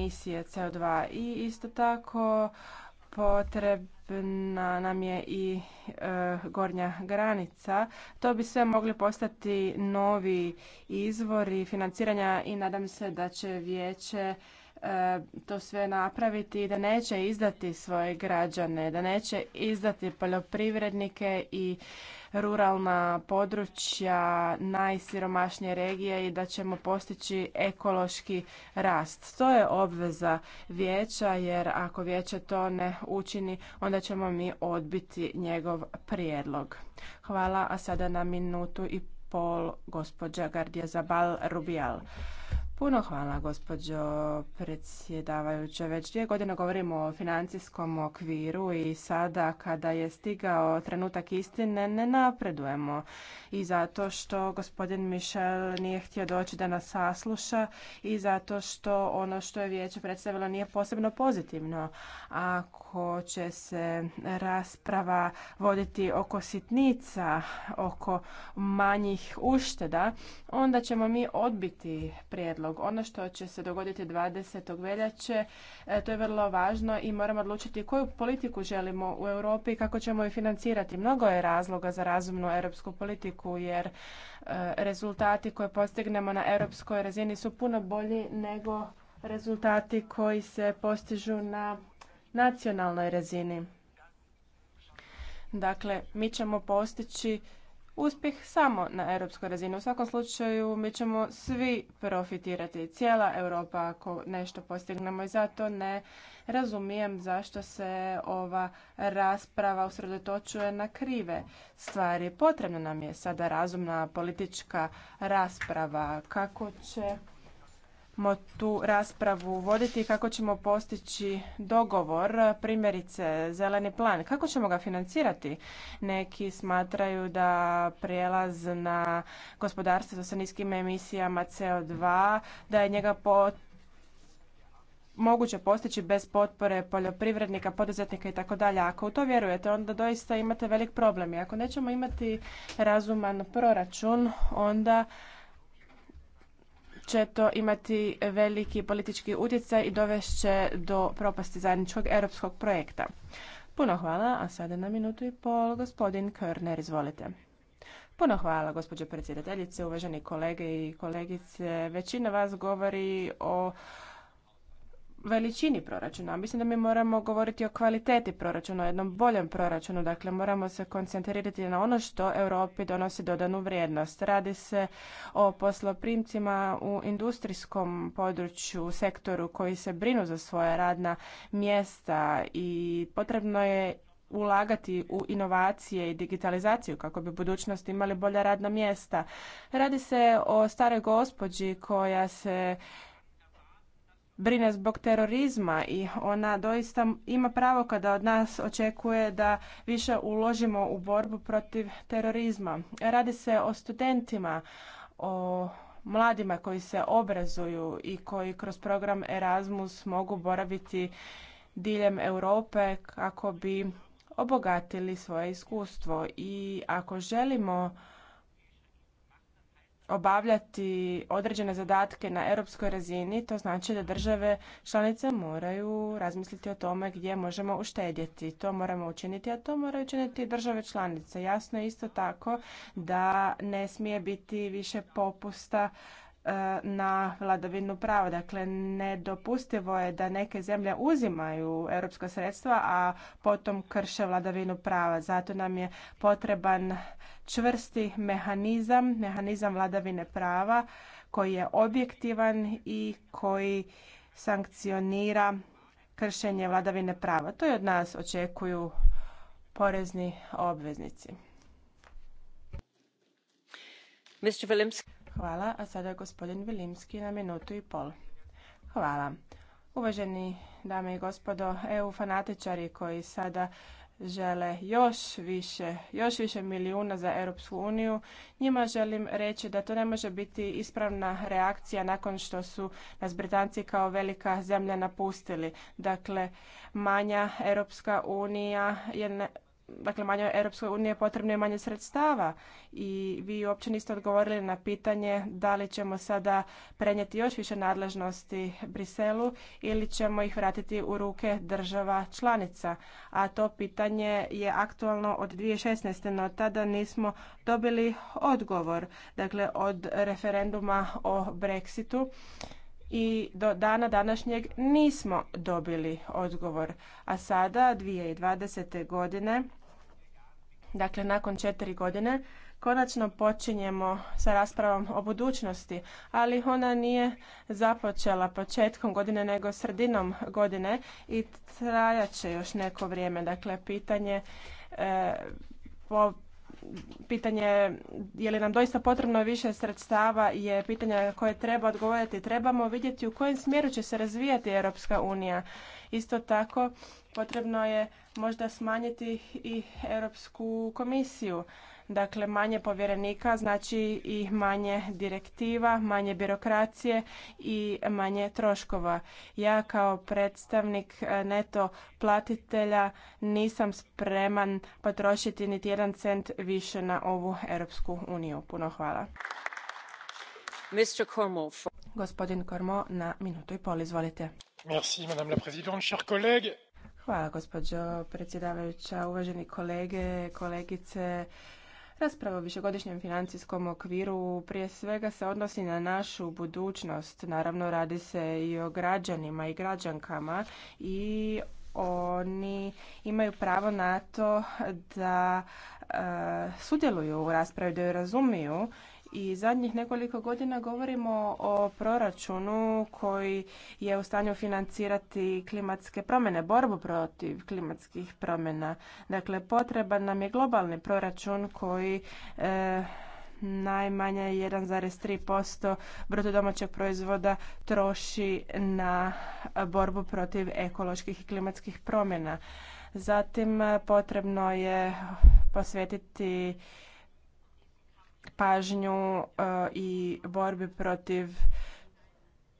emisije CO2 i isto tako potrebna nam je i e, gornja granica. To bi sve mogli postati novi izvori financiranja i nadam se da će vijeće E, to sve napraviti i da neće izdati svoje građane, da neće izdati poljoprivrednike i ruralna područja, najsiromašnije regije i da ćemo postići ekološki rast. To je obveza vijeća jer ako vijeće to ne učini onda ćemo mi odbiti njegov prijedlog. Hvala, a sada na minutu i pol gospođa Gardija Zabal Rubijal. Puno hvala, gospođo predsjedavajuće. Već dvije godine govorimo o financijskom okviru i sada kada je stigao trenutak istine ne napredujemo. I zato što gospodin Michel nije htio doći da nas sasluša i zato što ono što je vijeće predstavilo nije posebno pozitivno. Ako će se rasprava voditi oko sitnica, oko manjih ušteda, onda ćemo mi odbiti prijedlog ono što će se dogoditi 20. veljače, e, to je vrlo važno i moramo odlučiti koju politiku želimo u Europi i kako ćemo ju financirati. Mnogo je razloga za razumnu europsku politiku jer e, rezultati koje postignemo na europskoj razini su puno bolji nego rezultati koji se postižu na nacionalnoj razini. Dakle, mi ćemo postići uspjeh samo na europskoj razini. U svakom slučaju mi ćemo svi profitirati, cijela Europa ako nešto postignemo i zato ne razumijem zašto se ova rasprava usredotočuje na krive stvari. Potrebna nam je sada razumna politička rasprava kako će tu raspravu voditi i kako ćemo postići dogovor, primjerice zeleni plan, kako ćemo ga financirati? Neki smatraju da prijelaz na gospodarstvo sa niskim emisijama CO2, da je njega moguće postići bez potpore poljoprivrednika, poduzetnika i tako dalje. Ako u to vjerujete, onda doista imate velik problem. I ako nećemo imati razuman proračun, onda će to imati veliki politički utjecaj i dovešće do propasti zajedničkog europskog projekta. Puno hvala, a sada na minutu i pol gospodin Körner, izvolite. Puno hvala, gospođo predsjedateljice, uvaženi kolege i kolegice. Većina vas govori o veličini proračuna. Mislim da mi moramo govoriti o kvaliteti proračuna, o jednom boljem proračunu. Dakle, moramo se koncentrirati na ono što Europi donosi dodanu vrijednost. Radi se o posloprimcima u industrijskom području, sektoru koji se brinu za svoje radna mjesta i potrebno je ulagati u inovacije i digitalizaciju kako bi u budućnosti imali bolja radna mjesta. Radi se o staroj gospođi koja se brine zbog terorizma i ona doista ima pravo kada od nas očekuje da više uložimo u borbu protiv terorizma. Radi se o studentima, o mladima koji se obrazuju i koji kroz program Erasmus mogu boraviti diljem Europe kako bi obogatili svoje iskustvo i ako želimo obavljati određene zadatke na europskoj razini, to znači da države članice moraju razmisliti o tome gdje možemo uštedjeti. To moramo učiniti, a to moraju učiniti države članice. Jasno je isto tako da ne smije biti više popusta E, na vladavinu prava. Dakle, nedopustivo je da neke zemlje uzimaju europska sredstva, a potom krše vladavinu prava. Zato nam je potreban čvrsti mehanizam, mehanizam vladavine prava koji je objektivan i koji sankcionira kršenje vladavine prava. To je od nas očekuju porezni obveznici. Mr. Hvala, a sada gospodin Vilimski na minutu i pol. Hvala. Uvaženi dame i gospodo, EU fanatičari koji sada žele još više, još više milijuna za Europsku uniju. Njima želim reći da to ne može biti ispravna reakcija nakon što su nas Britanci kao velika zemlja napustili. Dakle, manja Europska unija je dakle manje Europskoj unije potrebno je manje sredstava i vi uopće niste odgovorili na pitanje da li ćemo sada prenijeti još više nadležnosti Briselu ili ćemo ih vratiti u ruke država članica. A to pitanje je aktualno od 2016. no tada nismo dobili odgovor, dakle od referenduma o Brexitu i do dana današnjeg nismo dobili odgovor. A sada, 2020. godine, dakle nakon četiri godine, konačno počinjemo sa raspravom o budućnosti, ali ona nije započela početkom godine nego sredinom godine i trajat će još neko vrijeme. Dakle, pitanje e, po pitanje je li nam doista potrebno više sredstava je pitanje na koje treba odgovoriti. Trebamo vidjeti u kojem smjeru će se razvijati Europska unija. Isto tako potrebno je možda smanjiti i Europsku komisiju. Dakle, manje povjerenika znači i manje direktiva, manje birokracije i manje troškova. Ja kao predstavnik e, neto platitelja nisam spreman potrošiti niti jedan cent više na ovu Europsku uniju. Puno hvala. Mr. Gospodin Kormo na minutu i pol, izvolite. Hvala, gospođo predsjedavajuća, uvaženi kolege, kolegice Rasprava o višegodišnjem financijskom okviru prije svega se odnosi na našu budućnost. Naravno, radi se i o građanima i građankama i oni imaju pravo na to da eh, sudjeluju u raspravi, da ju razumiju i zadnjih nekoliko godina govorimo o proračunu koji je u stanju financirati klimatske promjene, borbu protiv klimatskih promjena. Dakle, potreban nam je globalni proračun koji eh, najmanje 1,3% bruto domaćeg proizvoda troši na borbu protiv ekoloških i klimatskih promjena. Zatim eh, potrebno je posvetiti pažnju e, i borbi protiv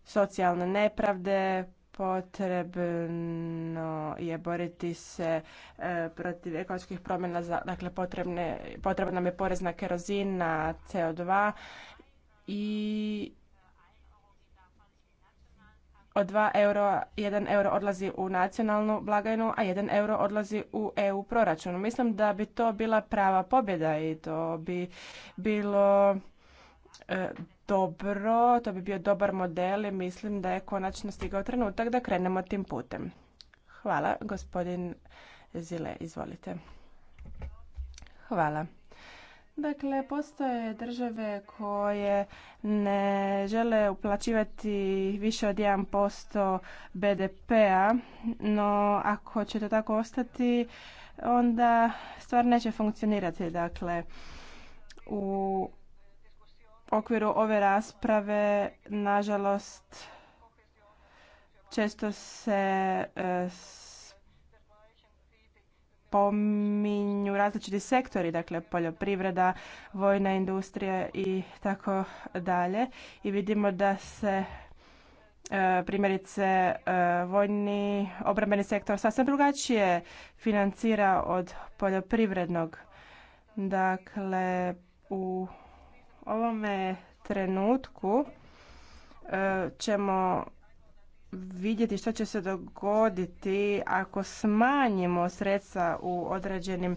socijalne nepravde, potrebno je boriti se e, protiv ekoloških promjena, dakle potrebne, potrebna nam je porezna kerozina, CO2 i od dva euro, 1 euro odlazi u nacionalnu blagajnu, a 1 euro odlazi u EU proračun. Mislim da bi to bila prava pobjeda i to bi bilo e, dobro, to bi bio dobar model i mislim da je konačno stigao trenutak da krenemo tim putem. Hvala, gospodin Zile, izvolite. Hvala. Dakle, postoje države koje ne žele uplaćivati više od 1% BDP-a, no ako će to tako ostati, onda stvar neće funkcionirati. Dakle, u okviru ove rasprave, nažalost, često se e, spominju različiti sektori, dakle poljoprivreda, vojna industrija i tako dalje. I vidimo da se e, primjerice e, vojni obrambeni sektor sasvim drugačije financira od poljoprivrednog. Dakle, u ovome trenutku e, ćemo vidjeti što će se dogoditi ako smanjimo sredstva u određenim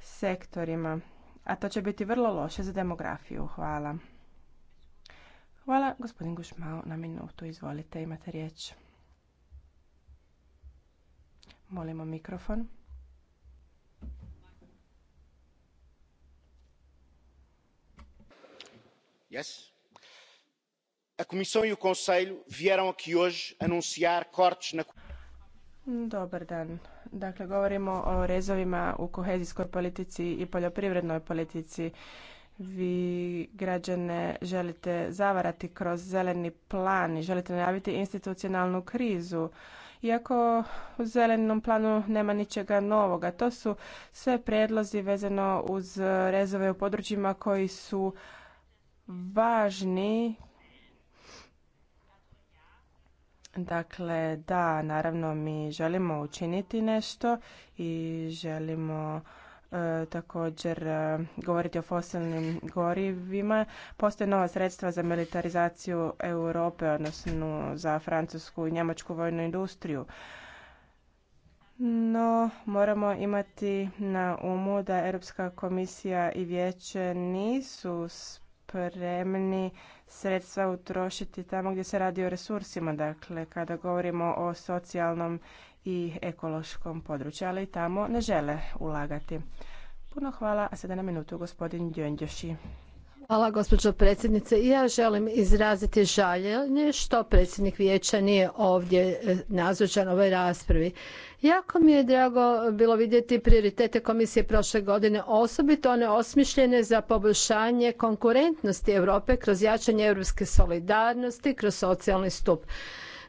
sektorima. A to će biti vrlo loše za demografiju. Hvala. Hvala, gospodin Gušmao, na minutu. Izvolite, imate riječ. Molimo mikrofon. Yes a Comissão e o Conselho vieram aqui hoje Dobar dan. Dakle, govorimo o rezovima u kohezijskoj politici i poljoprivrednoj politici. Vi građane želite zavarati kroz zeleni plan i želite najaviti institucionalnu krizu. Iako u zelenom planu nema ničega novoga, to su sve prijedlozi vezano uz rezove u područjima koji su važni Dakle, da, naravno mi želimo učiniti nešto i želimo e, također e, govoriti o fosilnim gorivima. Postoje nova sredstva za militarizaciju Europe, odnosno za francusku i njemačku vojnu industriju. No, moramo imati na umu da Europska komisija i vijeće nisu spremni spremni sredstva utrošiti tamo gdje se radi o resursima, dakle kada govorimo o socijalnom i ekološkom području, ali i tamo ne žele ulagati. Puno hvala, a sada na minutu gospodin Đönđeši. Hvala gospođo predsjednice. Ja želim izraziti žaljenje što predsjednik vijeća nije ovdje e, nazočan ovoj raspravi. Jako mi je drago bilo vidjeti prioritete komisije prošle godine, osobito one osmišljene za poboljšanje konkurentnosti Europe kroz jačanje europske solidarnosti, kroz socijalni stup.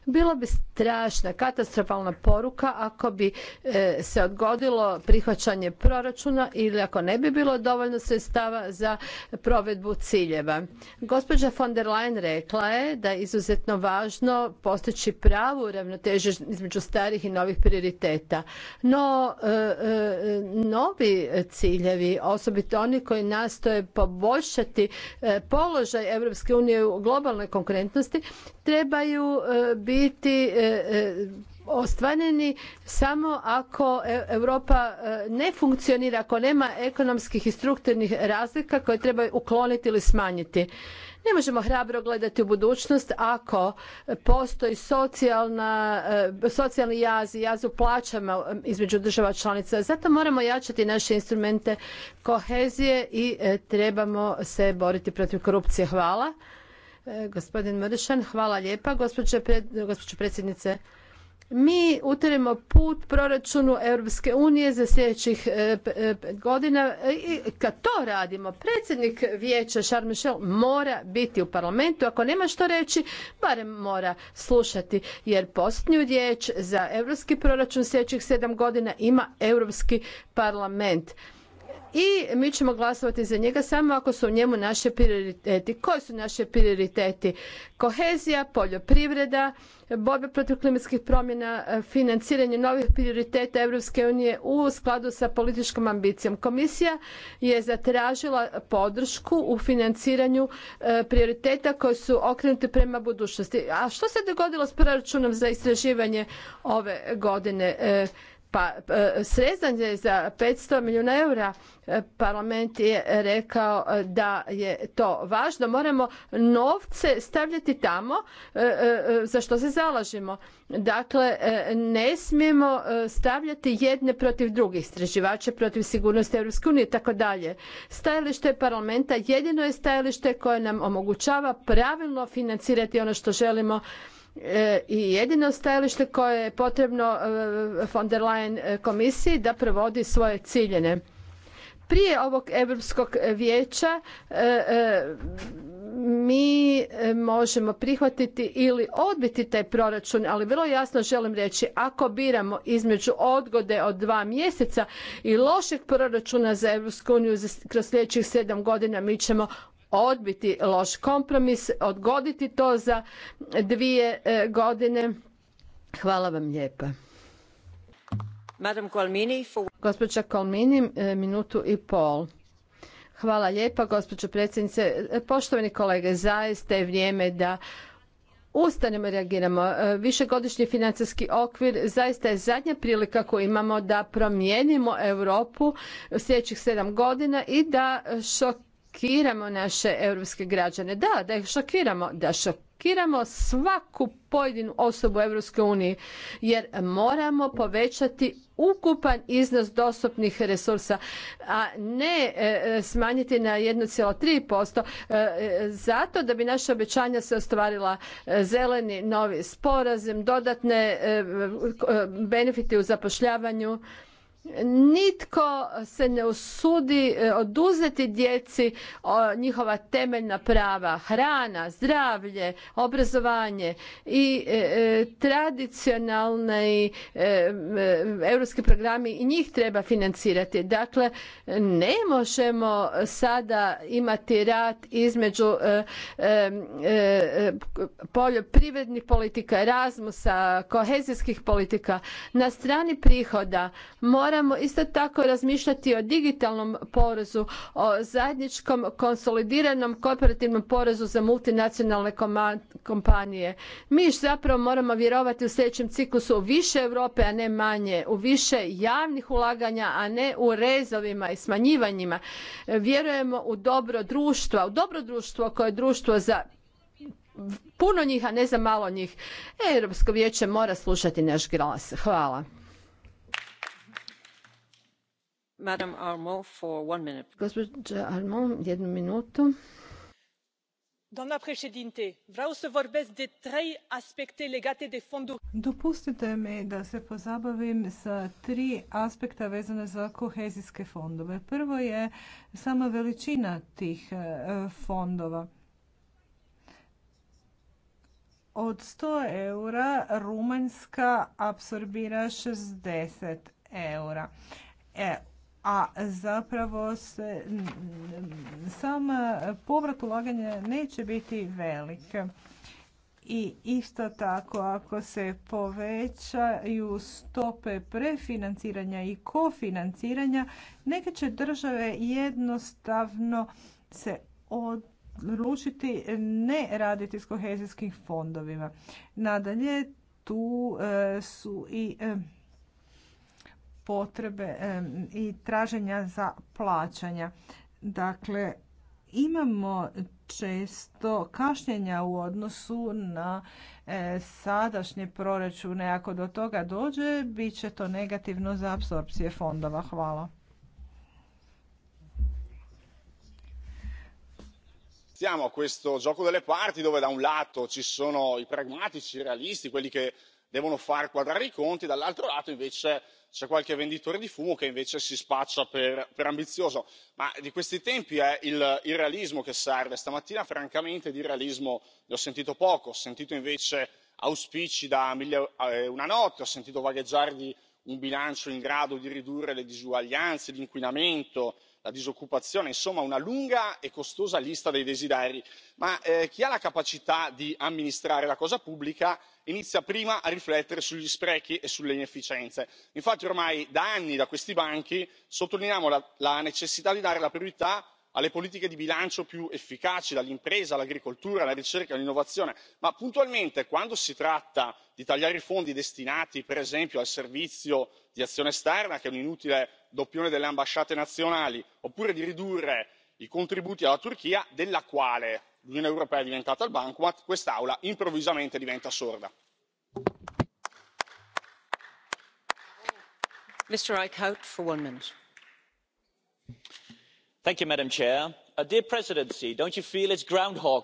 Bilo bi strašna, katastrofalna poruka ako bi e, se odgodilo prihvaćanje proračuna ili ako ne bi bilo dovoljno sredstava za provedbu ciljeva. Gospođa von der Leyen rekla je da je izuzetno važno postići pravu ravnotežu između starih i novih prioriteta. No, e, e, novi ciljevi, osobito oni koji nastoje poboljšati položaj Europske unije u globalnoj konkurentnosti, trebaju bi biti e, e, ostvareni samo ako e, Europa ne funkcionira, ako nema ekonomskih i strukturnih razlika koje treba ukloniti ili smanjiti. Ne možemo hrabro gledati u budućnost ako postoji socijalna, socijalni jaz i jaz u plaćama između država članica. Zato moramo jačati naše instrumente kohezije i trebamo se boriti protiv korupcije. Hvala. E, gospodin Mršan, hvala lijepa. Gospođo predsjednice, mi utiremo put proračunu Europske unije za sljedećih e, e, godina i kad to radimo, predsjednik vijeća Charles Michel mora biti u parlamentu. Ako nema što reći, barem mora slušati jer posljednju riječ za europski proračun sljedećih sedam godina ima Europski parlament i mi ćemo glasovati za njega samo ako su u njemu naše prioriteti. Koji su naše prioriteti? Kohezija, poljoprivreda, borba protiv klimatskih promjena, e, financiranje novih prioriteta Europske unije u skladu sa političkom ambicijom. Komisija je zatražila podršku u financiranju e, prioriteta koji su okrenuti prema budućnosti. A što se dogodilo s proračunom za istraživanje ove godine? E, pa e, srezanje za 500 milijuna eura e, parlament je rekao e, da je to važno. Moramo novce stavljati tamo za što se zalažemo. Dakle, ne smijemo stavljati jedne protiv drugih, istraživača protiv sigurnosti EU i tako dalje. Stajalište parlamenta jedino je stajalište koje nam omogućava pravilno financirati ono što želimo E, i jedino stajalište koje je potrebno e, von der Leyen e, komisiji da provodi svoje ciljene. Prije ovog Europskog vijeća mi možemo prihvatiti ili odbiti taj proračun, ali vrlo jasno želim reći, ako biramo između odgode od dva mjeseca i lošeg proračuna za EU kroz sljedećih sedam godina, mi ćemo odbiti loš kompromis, odgoditi to za dvije e, godine. Hvala vam lijepa. Gospođa Kolmini, e, minutu i pol. Hvala lijepa, gospođo predsjednice. E, poštovani kolege, zaista je vrijeme da ustanemo i reagiramo. Višegodišnji financijski okvir zaista je zadnja prilika koju imamo da promijenimo Europu sljedećih sedam godina i da što šokiramo naše europske građane. Da, da ih šokiramo, da šokiramo svaku pojedinu osobu u Europskoj uniji jer moramo povećati ukupan iznos dostupnih resursa, a ne e, e, smanjiti na 1,3% e, zato da bi naše obećanja se ostvarila zeleni novi sporazum, dodatne benefite u zapošljavanju nitko se ne usudi e, oduzeti djeci njihova temeljna prava hrana zdravlje obrazovanje i e, e, tradicionalni europski programi i njih treba financirati dakle ne možemo sada imati rat između poljoprivrednih politika erasmusa kohezijskih politika na strani prihoda mora moramo isto tako razmišljati o digitalnom porezu, o zajedničkom konsolidiranom korporativnom porezu za multinacionalne kompanije. Mi zapravo moramo vjerovati u sljedećem ciklusu u više Europe, a ne manje, u više javnih ulaganja, a ne u rezovima i smanjivanjima. Vjerujemo u dobro društva, u dobro društvo koje je društvo za puno njih, a ne za malo njih. Europsko vijeće mora slušati naš glas. Hvala. Madam Armand, jednu minutu. legate Dopustite mi da se pozabavim sa tri aspekta vezane za kohezijske fondove. Prvo je sama veličina tih e, fondova. Od 100 eura Rumanjska apsorbira 60 eura. E, a zapravo se mm, sam e, povrat ulaganja neće biti velik. I isto tako ako se povećaju stope prefinanciranja i kofinanciranja, neke će države jednostavno se odlučiti ne raditi s kohezijskim fondovima. Nadalje, tu e, su i e, potrebe i traženja za plaćanja. Dakle, imamo često kašnjenja u odnosu na e, sadašnje proračune. Ako do toga dođe, bit će to negativno za apsorpcije fondova. Hvala. Siamo a questo gioco delle parti dove da un lato ci sono i pragmatici, i realisti, quelli che devono far quadrare i conti dall'altro lato invece c'è qualche venditore di fumo che invece si spaccia per ambizioso ma di questi tempi è il realismo che serve stamattina francamente di realismo ne ho sentito poco ho sentito invece auspici da mille e eh, una notte ho sentito vagheggiare di un bilancio in grado di ridurre le disuguaglianze l'inquinamento la disoccupazione insomma una lunga e costosa lista dei desideri ma eh, chi ha la capacità di amministrare la cosa pubblica inizia prima a riflettere sugli sprechi e sulle inefficienze infatti ormai da anni da questi banchi sottolineiamo la necessità di dare la priorità alle politiche di bilancio più efficaci dall'impresa all'agricoltura alla ricerca e all'innovazione ma puntualmente quando si tratta di tagliare i fondi destinati per esempio al servizio di azione esterna che è un inutile doppione delle ambasciate nazionali oppure di ridurre i contributi alla turchia della quale l'unione europea è diventata il bancomat quest'aula improvvisamente diventa sorda.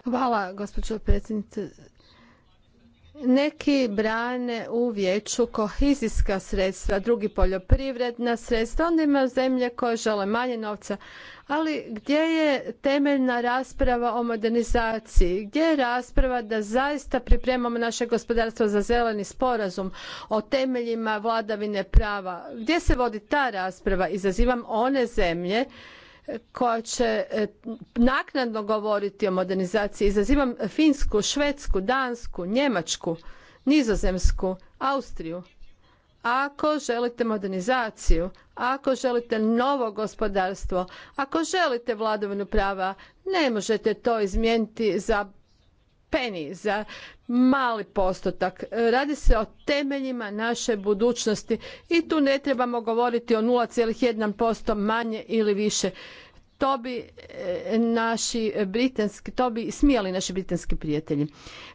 Hvala gospođo predsjednice. Neki brane u vijeću kohezijska sredstva, drugi poljoprivredna sredstva, onda ima zemlje koje žele manje novca. Ali gdje je temeljna rasprava o modernizaciji? Gdje je rasprava da zaista pripremamo naše gospodarstvo za zeleni sporazum o temeljima vladavine prava? Gdje se vodi ta rasprava? Izazivam one zemlje koja će e, naknadno govoriti o modernizaciji. Izazivam Finsku, Švedsku, Dansku, Njemačku, Nizozemsku, Austriju. Ako želite modernizaciju, ako želite novo gospodarstvo, ako želite vladavinu prava, ne možete to izmijeniti za peni, za mali postotak. E, radi se o temeljima naše budućnosti i tu ne trebamo govoriti o 0,1% manje ili više. To bi e, naši britanski, to bi smijali naši britanski prijatelji.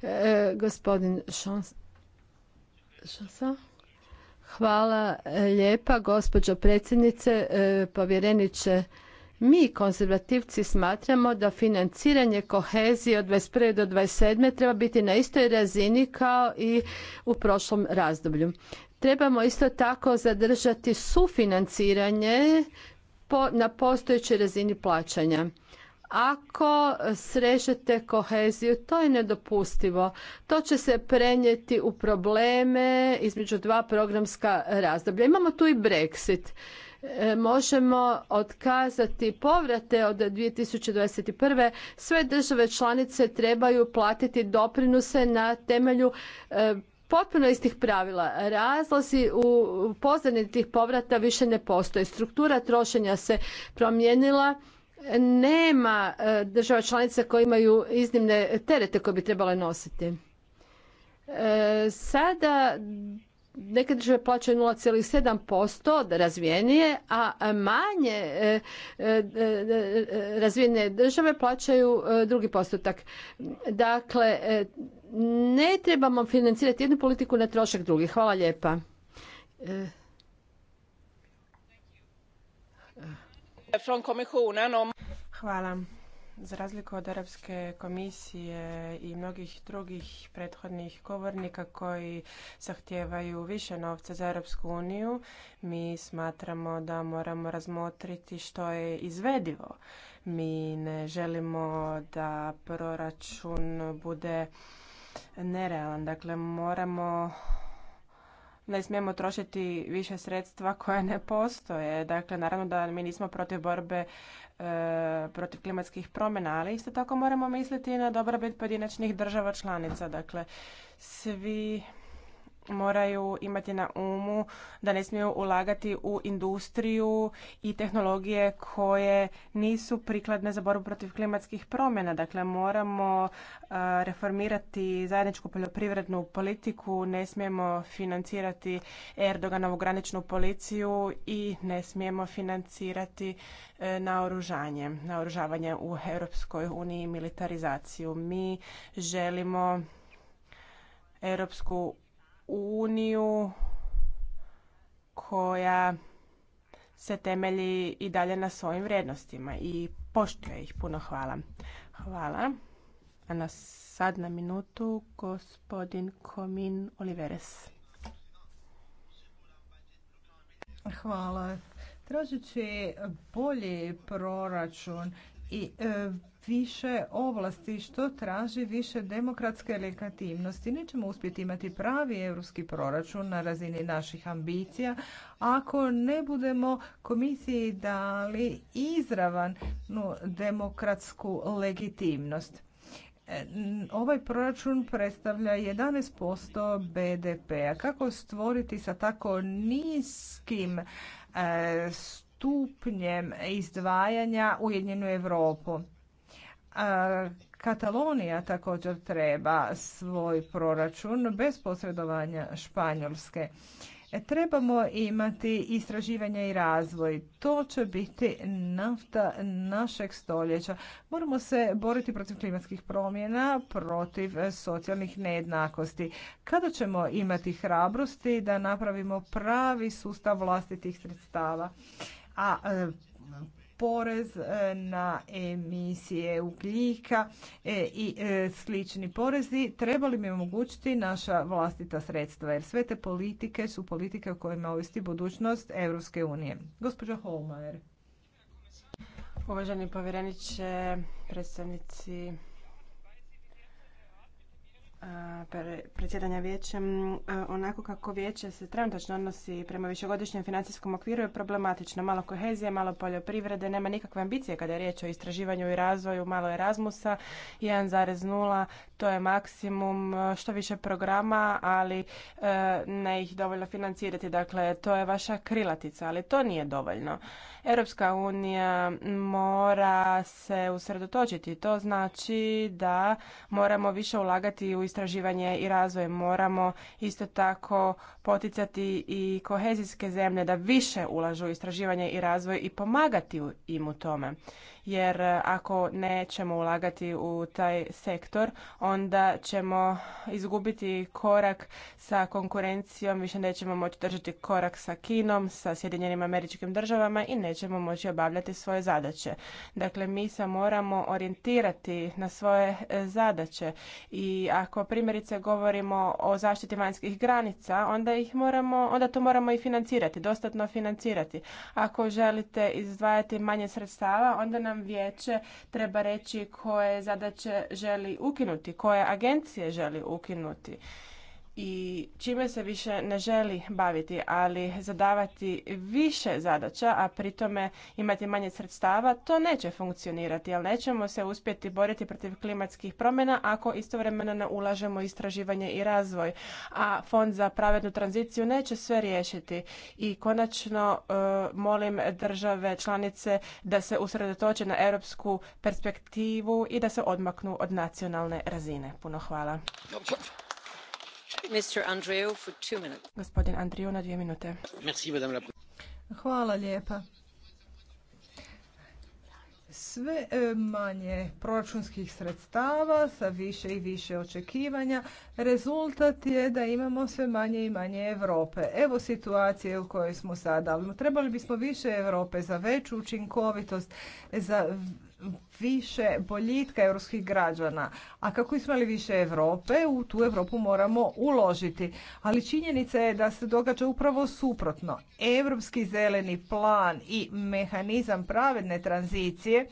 E, gospodin Hvala lijepa, gospođo predsjednice, povjereniče mi konzervativci smatramo da financiranje kohezije od 21. do 27. treba biti na istoj razini kao i u prošlom razdoblju. Trebamo isto tako zadržati sufinanciranje na postojećoj razini plaćanja. Ako srežete koheziju, to je nedopustivo. To će se prenijeti u probleme između dva programska razdoblja. Imamo tu i Brexit. E, možemo otkazati povrate od 2021. Sve države članice trebaju platiti doprinuse na temelju e, potpuno istih pravila. Razlozi u pozadini tih povrata više ne postoje. Struktura trošenja se promijenila nema e, država članica koje imaju iznimne terete koje bi trebale nositi. Sada neke države plaćaju 0,7% razvijenije, a manje e, e, e, razvijene države plaćaju drugi postotak. Dakle, ne trebamo financirati jednu politiku na trošak drugi Hvala lijepa. Hvala. Za razliku od Europske komisije i mnogih drugih prethodnih govornika koji zahtijevaju više novca za Europsku uniju, mi smatramo da moramo razmotriti što je izvedivo. Mi ne želimo da proračun bude nerealan. Dakle, moramo ne smijemo trošiti više sredstva koja ne postoje. Dakle, naravno da mi nismo protiv borbe e, protiv klimatskih promjena, ali isto tako moramo misliti i na dobrobit pojedinačnih država članica. Dakle, svi moraju imati na umu da ne smiju ulagati u industriju i tehnologije koje nisu prikladne za borbu protiv klimatskih promjena. Dakle, moramo reformirati zajedničku poljoprivrednu politiku, ne smijemo financirati Erdoganovu graničnu policiju i ne smijemo financirati e, naoružanje, naoružavanje u Europskoj uniji militarizaciju. Mi želimo Europsku uniju koja se temelji i dalje na svojim vrijednostima i poštuje ih. Puno hvala. Hvala. A na sad na minutu gospodin Komin Oliveres. Hvala. će bolji proračun i e, više ovlasti, što traži više demokratske legitimnosti. Nećemo uspjeti imati pravi europski proračun na razini naših ambicija ako ne budemo komisiji dali izravan no, demokratsku legitimnost. E, ovaj proračun predstavlja 11% BDP-a. Kako stvoriti sa tako niskim e, stupnjem izdvajanja Ujedinjenu Europu? Katalonija također treba svoj proračun bez posredovanja Španjolske. E, trebamo imati istraživanje i razvoj. To će biti nafta našeg stoljeća. Moramo se boriti protiv klimatskih promjena, protiv socijalnih nejednakosti. Kada ćemo imati hrabrosti da napravimo pravi sustav vlastitih sredstava? A e, porez e, na emisije ugljika e, i e, slični porezi trebali bi omogućiti naša vlastita sredstva jer sve te politike su politike o kojima ovisi budućnost Europske unije. Gospođa Holmajer. Uvaženi povjereniče, predstavnici predsjedanja vijećem onako kako vijeće se trenutačno odnosi prema višegodišnjem financijskom okviru je problematično. Malo kohezije, malo poljoprivrede, nema nikakve ambicije kada je riječ o istraživanju i razvoju, malo Erasmusa, 1.0, to je maksimum, što više programa, ali ne ih dovoljno financirati. Dakle, to je vaša krilatica, ali to nije dovoljno. Europska unija mora se usredotočiti. To znači da moramo više ulagati u istraživanje istraživanje i razvoj. Moramo isto tako poticati i kohezijske zemlje da više ulažu u istraživanje i razvoj i pomagati im u tome jer e, ako nećemo ulagati u taj sektor, onda ćemo izgubiti korak sa konkurencijom, više nećemo moći držati korak sa Kinom, sa Sjedinjenim američkim državama i nećemo moći obavljati svoje zadaće. Dakle, mi se moramo orijentirati na svoje e, zadaće i ako primjerice govorimo o zaštiti vanjskih granica, onda ih moramo, onda to moramo i financirati, dostatno financirati. Ako želite izdvajati manje sredstava, onda nam vijeće treba reći koje zadaće želi ukinuti, koje agencije želi ukinuti i čime se više ne želi baviti, ali zadavati više zadaća, a pritome imati manje sredstava, to neće funkcionirati, jer nećemo se uspjeti boriti protiv klimatskih promjena ako istovremeno ne ulažemo istraživanje i razvoj, a Fond za pravednu tranziciju neće sve riješiti. I konačno e, molim države članice da se usredotoče na europsku perspektivu i da se odmaknu od nacionalne razine. Puno hvala. Gospodin Andriju na minute. Hvala lijepa. Sve e, manje proračunskih sredstava sa više i više očekivanja. Rezultat je da imamo sve manje i manje Europe. Evo situacije u kojoj smo sada. Trebali bismo više Europe za veću učinkovitost, za više boljitka europskih građana. A kako smo imali više Europe, u tu Europu moramo uložiti. Ali činjenica je da se događa upravo suprotno. Europski zeleni plan i mehanizam pravedne tranzicije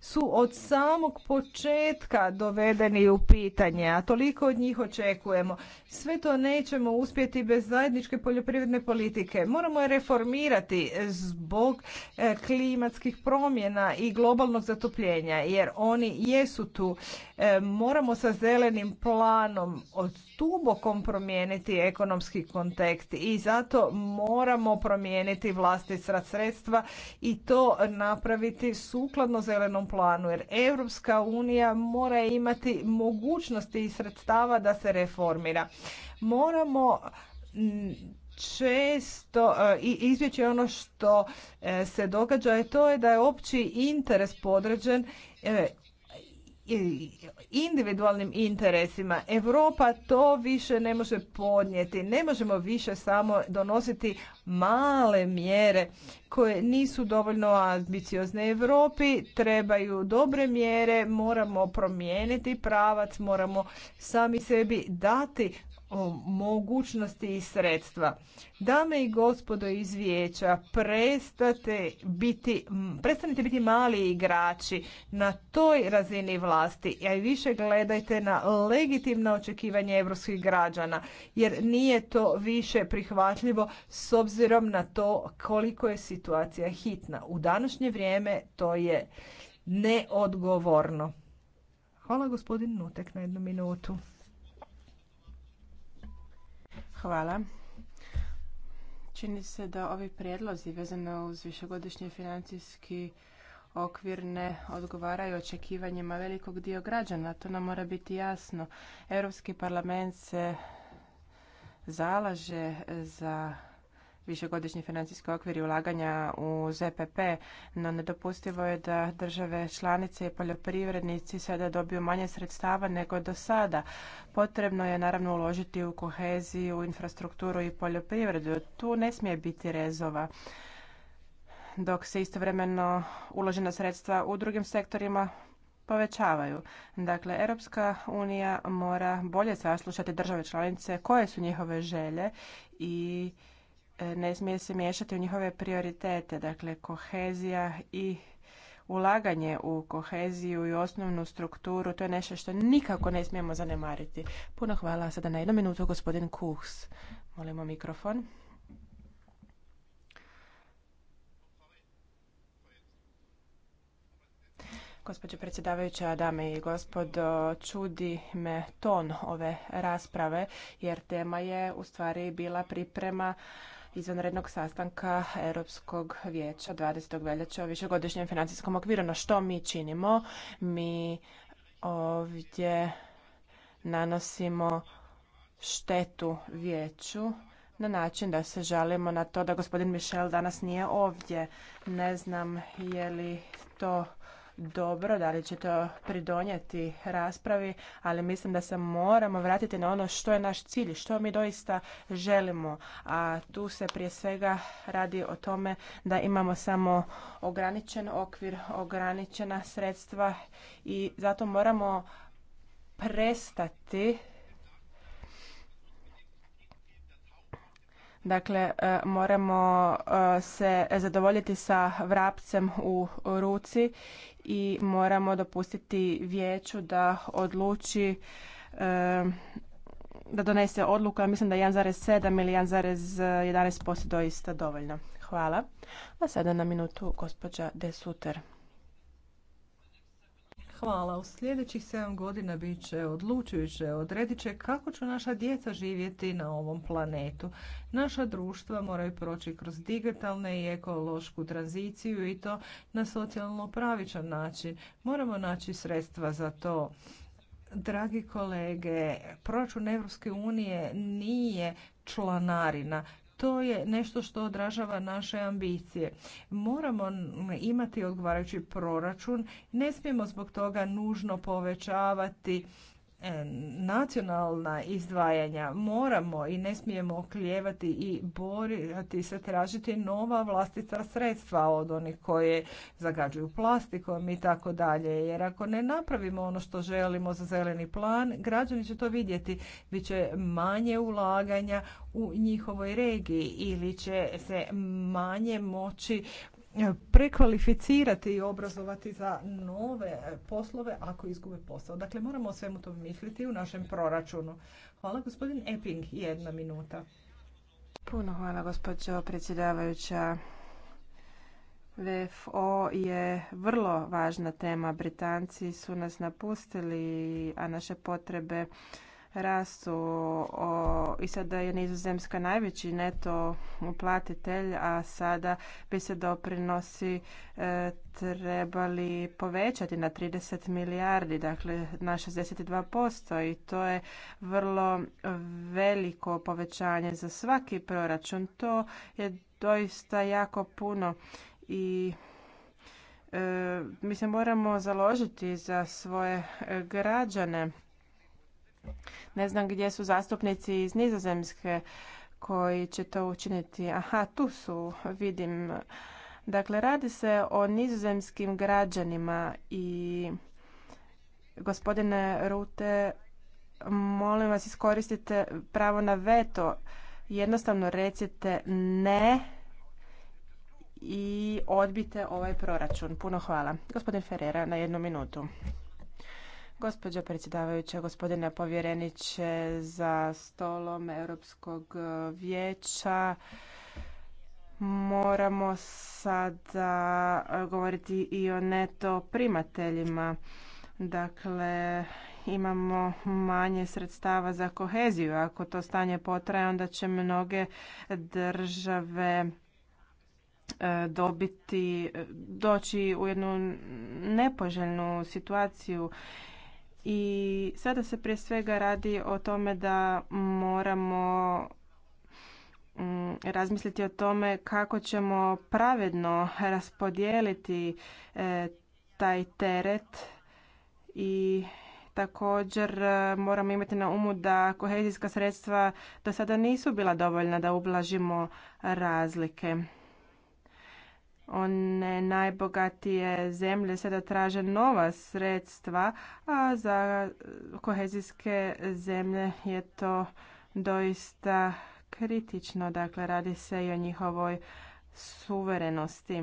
su od samog početka dovedeni u pitanje, a toliko od njih očekujemo. Sve to nećemo uspjeti bez zajedničke poljoprivredne politike. Moramo je reformirati zbog e, klimatskih promjena i globalnog zatopljenja jer oni jesu tu. E, moramo sa zelenim planom od dubokom promijeniti ekonomski kontekst i zato moramo promijeniti vlastita sredstva i to napraviti sukladno zelenom planu jer Europska unija mora imati mogućnosti i sredstava da se reformira. Moramo često e, i izbjeći ono što e, se događa je to je da je opći interes podređen e, individualnim interesima. Europa to više ne može podnijeti. Ne možemo više samo donositi male mjere koje nisu dovoljno ambiciozne. Europi trebaju dobre mjere, moramo promijeniti pravac, moramo sami sebi dati mogućnosti i sredstva. Dame i gospodo iz vijeća, prestate biti, prestanite biti mali igrači na toj razini vlasti, a i više gledajte na legitimna očekivanja evropskih građana, jer nije to više prihvatljivo s obzirom na to koliko je situacija hitna. U današnje vrijeme to je neodgovorno. Hvala gospodin Nutek na jednu minutu. Hvala. Čini se da ovi prijedlozi vezano uz višegodišnji financijski okvir ne odgovaraju očekivanjima velikog dio građana. To nam mora biti jasno. Europski parlament se zalaže za višegodišnji financijski okvir i ulaganja u ZPP, no nedopustivo je da države članice i poljoprivrednici sada dobiju manje sredstava nego do sada. Potrebno je naravno uložiti u koheziju, infrastrukturu i poljoprivredu. Tu ne smije biti rezova dok se istovremeno uložena sredstva u drugim sektorima povećavaju. Dakle, Europska unija mora bolje saslušati države članice koje su njihove želje i E, ne smije se miješati u njihove prioritete, dakle kohezija i ulaganje u koheziju i osnovnu strukturu, to je nešto što nikako ne smijemo zanemariti. Puno hvala. Sada na jednu minutu gospodin Kuhs. Molimo mikrofon. Gospođo predsjedavajuća, dame i gospodo, čudi me ton ove rasprave jer tema je u stvari bila priprema izvanrednog sastanka Europskog vijeća 20. veljače o višegodišnjem financijskom okviru. No što mi činimo? Mi ovdje nanosimo štetu vijeću na način da se žalimo na to da gospodin Michel danas nije ovdje. Ne znam je li to dobro, da li će to pridonijeti raspravi, ali mislim da se moramo vratiti na ono što je naš cilj, što mi doista želimo. A tu se prije svega radi o tome da imamo samo ograničen okvir, ograničena sredstva i zato moramo prestati Dakle, e, moramo e, se zadovoljiti sa vrapcem u ruci i moramo dopustiti vijeću da odluči e, da donese odluku, a mislim da 1,7 ili 1,11% doista dovoljno. Hvala. A sada na minutu gospođa De hvala. U sljedećih 7 godina bit će odlučujuće, odredit će kako će naša djeca živjeti na ovom planetu. Naša društva moraju proći kroz digitalne i ekološku tranziciju i to na socijalno pravičan način. Moramo naći sredstva za to. Dragi kolege, proračun Europske unije nije članarina to je nešto što odražava naše ambicije. Moramo imati odgovarajući proračun, ne smijemo zbog toga nužno povećavati E, nacionalna izdvajanja moramo i ne smijemo oklijevati i boriti se tražiti nova vlastita sredstva od onih koje zagađuju plastikom i tako dalje. Jer ako ne napravimo ono što želimo za zeleni plan, građani će to vidjeti. Biće manje ulaganja u njihovoj regiji ili će se manje moći prekvalificirati i obrazovati za nove poslove ako izgube posao. Dakle, moramo o svemu to misliti u našem proračunu. Hvala gospodin Epping, jedna minuta. Puno hvala gospođo predsjedavajuća. VFO je vrlo važna tema. Britanci su nas napustili, a naše potrebe rastu o, i sada je nizozemska najveći neto uplatitelj, a sada bi se doprinosi e, trebali povećati na 30 milijardi, dakle na 62% i to je vrlo veliko povećanje za svaki proračun. To je doista jako puno i e, mi se moramo založiti za svoje građane ne znam gdje su zastupnici iz Nizozemske koji će to učiniti. Aha, tu su, vidim. Dakle, radi se o nizozemskim građanima i gospodine Rute, molim vas iskoristite pravo na veto. Jednostavno recite ne i odbite ovaj proračun. Puno hvala. Gospodin Ferrera na jednu minutu. Gospođo predsjedavajuća, gospodine povjereniče za stolom Europskog vijeća, moramo sada govoriti i o neto primateljima. Dakle, imamo manje sredstava za koheziju. Ako to stanje potraje, onda će mnoge države e, dobiti, doći u jednu nepoželjnu situaciju i sada se prije svega radi o tome da moramo mm, razmisliti o tome kako ćemo pravedno raspodijeliti e, taj teret i također e, moramo imati na umu da kohezijska sredstva do sada nisu bila dovoljna da ublažimo razlike one najbogatije zemlje sada traže nova sredstva, a za kohezijske zemlje je to doista kritično. Dakle, radi se i o njihovoj suverenosti.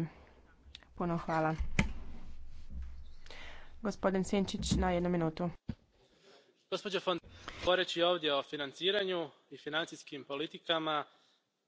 Puno hvala. Gospodin Sinčić na jednu minutu. Gospođo Fond, govoreći ovdje o financiranju i financijskim politikama,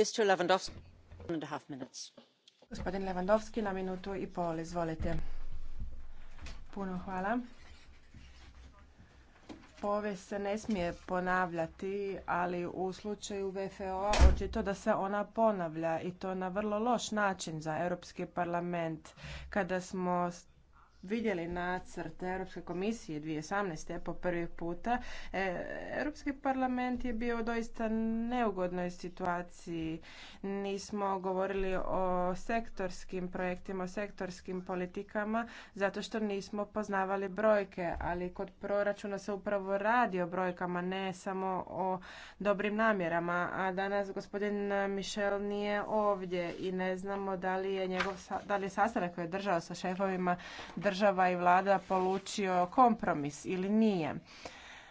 Gospodin Levandovski na minutu i pol, izvolite. Puno hvala. Povijest se ne smije ponavljati, ali u slučaju VFO-a očito da se ona ponavlja i to na vrlo loš način za Europski parlament. Kada smo vidjeli nacrt Europske komisije 2018. po prvi puta, e, Europski parlament je bio u doista neugodnoj situaciji. Nismo govorili o sektorskim projektima, o sektorskim politikama, zato što nismo poznavali brojke, ali kod proračuna se upravo radi o brojkama, ne samo o dobrim namjerama. A danas gospodin Michel nije ovdje i ne znamo da li je njegov da li sastanak koji je držao sa šefovima država i vlada polučio kompromis ili nije.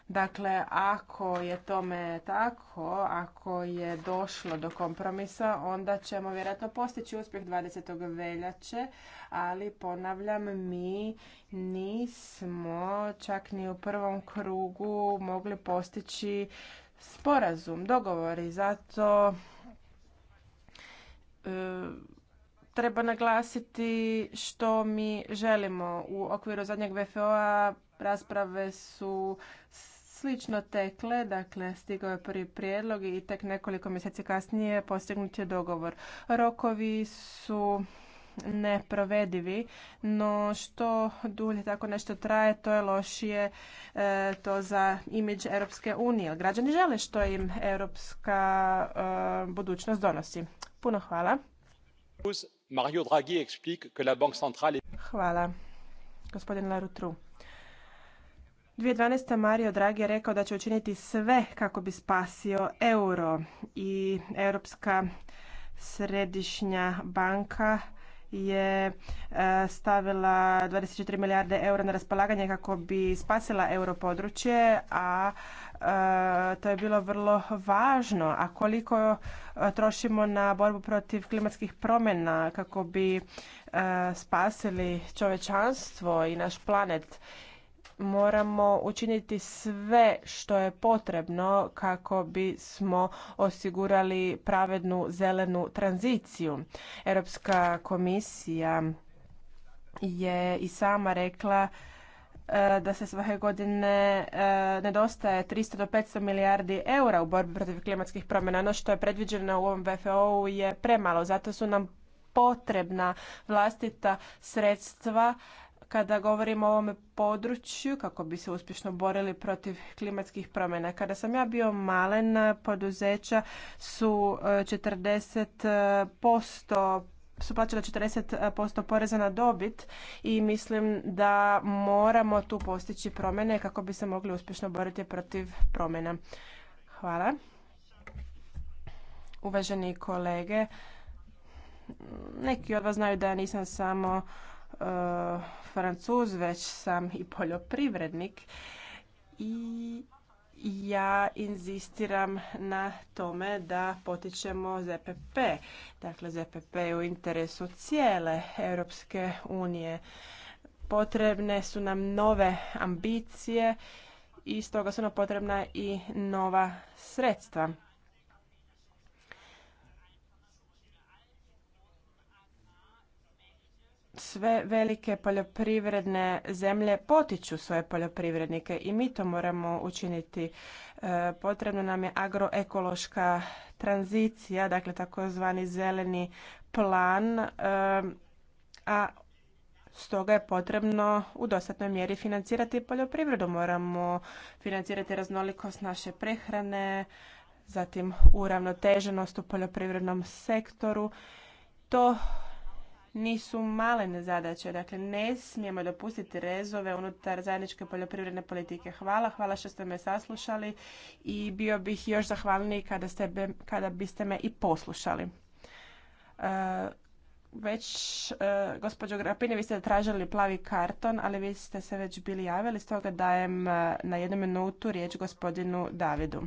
Dakle, ako je tome tako, ako je došlo do kompromisa, onda ćemo vjerojatno postići uspjeh 20. veljače, ali ponavljam, mi nismo čak ni u prvom krugu mogli postići sporazum, dogovori. Zato e, treba naglasiti što mi želimo. U okviru zadnjeg VFO-a rasprave su slično tekle, dakle stigao je prvi prijedlog i tek nekoliko mjeseci kasnije postignut je dogovor. Rokovi su neprovedivi, no što dulje tako nešto traje, to je lošije e, to za imidž Europske unije. Građani žele što im europska e, budućnost donosi. Puno hvala. Mario Draghi explique que la Banque centrale... Hvala, gospodin Larutru. 2012. Mario Draghi je rekao da će učiniti sve kako bi spasio euro i Europska središnja banka je e, stavila 24 milijarde eura na raspolaganje kako bi spasila područje a Eh, to je bilo vrlo važno. A koliko eh, trošimo na borbu protiv klimatskih promjena kako bi eh, spasili čovečanstvo i naš planet, moramo učiniti sve što je potrebno kako bismo osigurali pravednu zelenu tranziciju. Europska komisija je i sama rekla E, da se svake godine e, nedostaje 300 do 500 milijardi eura u borbi protiv klimatskih promjena. Ono što je predviđeno u ovom VFO-u je premalo, zato su nam potrebna vlastita sredstva kada govorimo o ovome području kako bi se uspješno borili protiv klimatskih promjena. Kada sam ja bio malen, poduzeća su 40% e, su plaćala 40% poreza na dobit i mislim da moramo tu postići promjene kako bi se mogli uspješno boriti protiv promjena. Hvala. Uvaženi kolege, neki od vas znaju da nisam samo e, francuz, već sam i poljoprivrednik i ja inzistiram na tome da potičemo ZPP. Dakle, ZPP je u interesu cijele Europske unije. Potrebne su nam nove ambicije i stoga su nam potrebna i nova sredstva. sve velike poljoprivredne zemlje potiču svoje poljoprivrednike i mi to moramo učiniti. E, potrebna nam je agroekološka tranzicija, dakle takozvani zeleni plan, e, a Stoga je potrebno u dostatnoj mjeri financirati poljoprivredu. Moramo financirati raznolikost naše prehrane, zatim uravnoteženost u poljoprivrednom sektoru. To nisu male zadaće. Dakle, ne smijemo dopustiti rezove unutar zajedničke poljoprivredne politike. Hvala, hvala što ste me saslušali i bio bih još zahvalniji kada, ste, kada biste me i poslušali. Uh, već, e, gospođo Grapini, vi ste tražili plavi karton, ali vi ste se već bili javili, stoga dajem e, na jednu minutu riječ gospodinu Davidu.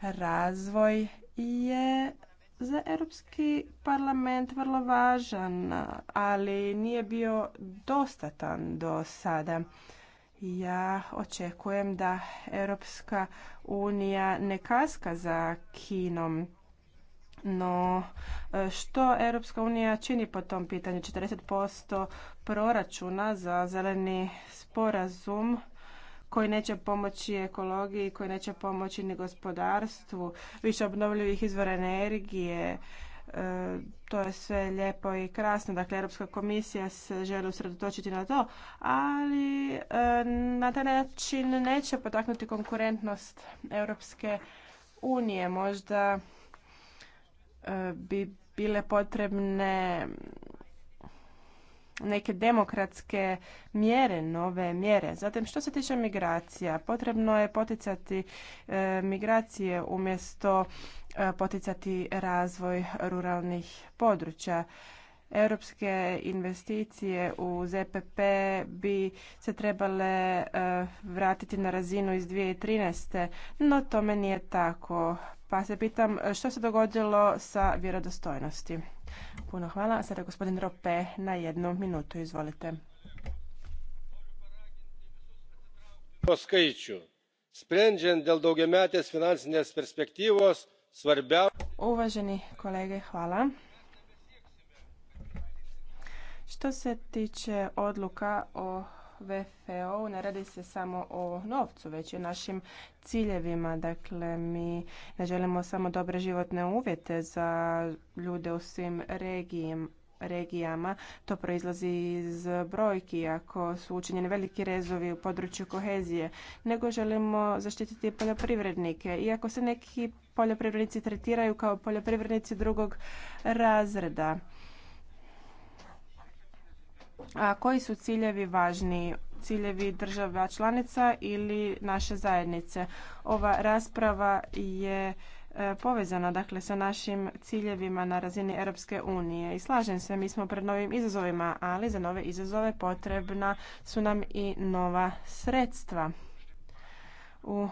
Razvoj je za Europski parlament vrlo važan, ali nije bio dostatan do sada. Ja očekujem da Europska unija ne kaska za Kinom. No, što Europska unija čini po tom pitanju? 40% proračuna za zeleni sporazum koji neće pomoći ekologiji, koji neće pomoći ni gospodarstvu, više obnovljivih izvora energije, e, to je sve lijepo i krasno, dakle Europska komisija se želi usredotočiti na to, ali e, na taj način neće potaknuti konkurentnost Europske unije. Možda e, bi bile potrebne neke demokratske mjere, nove mjere. Zatim što se tiče migracija, potrebno je poticati e, migracije umjesto e, poticati razvoj ruralnih područja. Europske investicije u ZPP bi se trebale e, vratiti na razinu iz 2013. No tome nije tako. Pa se pitam što se dogodilo sa vjerodostojnosti. Puno hvala. A sada gospodin Rope na jednu minutu. Izvolite. skaičių. Sprendžiant dėl daugiametės finansinės perspektyvos, svarbiausia. Uvaženi kolege, hvala. Što se tiče odluka o VFO ne radi se samo o novcu, već i o našim ciljevima. Dakle, mi ne želimo samo dobre životne uvjete za ljude u svim regijima, regijama. To proizlazi iz brojki ako su učinjeni veliki rezovi u području kohezije, nego želimo zaštititi poljoprivrednike. Iako se neki poljoprivrednici tretiraju kao poljoprivrednici drugog razreda. A koji su ciljevi važni, Ciljevi država članica ili naše zajednice? Ova rasprava je e, povezana dakle sa našim ciljevima na razini Europske unije. I slažem se, mi smo pred novim izazovima, ali za nove izazove potrebna su nam i nova sredstva. U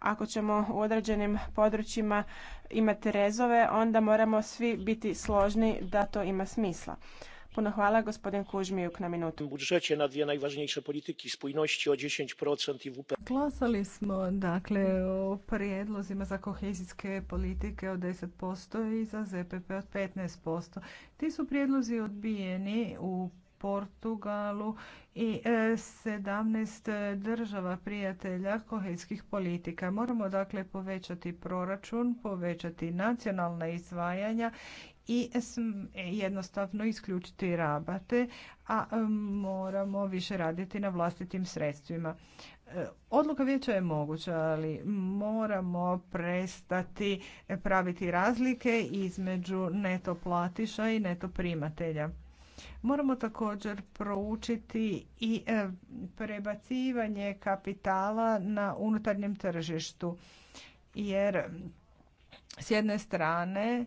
ako ćemo u određenim područjima imati rezove, onda moramo svi biti složni da to ima smisla. Puno hvala, gospodin Kužmijuk na minutu. na dvije najvažnijše politike spojnosti 10% i VP. Glasali smo dakle o prijedlozima za kohezijske politike od 10% i za ZPP od 15%. Ti su prijedlozi odbijeni u Portugalu i 17 e, država prijatelja kohezijskih politika. Moramo dakle povećati proračun, povećati nacionalne izdvajanja i e e jednostavno isključiti rabate, a e, moramo više raditi na vlastitim sredstvima. Odluka vijeća je moguća, ali moramo prestati praviti razlike između neto platiša i neto primatelja. Moramo također proučiti i prebacivanje kapitala na unutarnjem tržištu, jer s jedne strane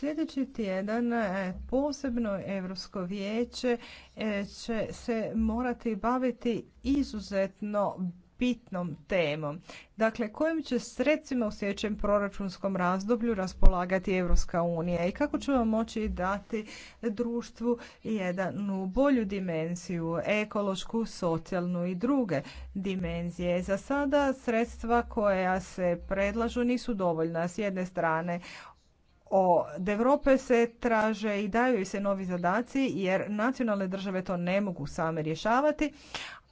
Sljedeći tjedan e, posebno Europsko vijeće e, će se morati baviti izuzetno bitnom temom. Dakle, kojim će sredstvima u sljedećem proračunskom razdoblju raspolagati Europska unija i kako ćemo moći dati društvu jednu bolju dimenziju, ekološku, socijalnu i druge dimenzije. Za sada sredstva koja se predlažu nisu dovoljna. S jedne strane od Europe se traže i daju se novi zadaci jer nacionalne države to ne mogu same rješavati,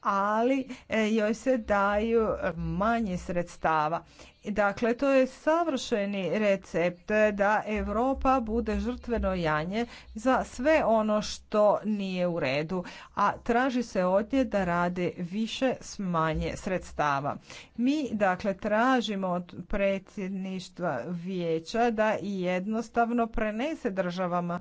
ali e, joj se daju manje sredstava. Dakle, to je savršeni recept da Europa bude žrtveno janje za sve ono što nije u redu, a traži se od nje da rade više s manje sredstava. Mi, dakle, tražimo od predsjedništva vijeća da jednostavno prenese državama,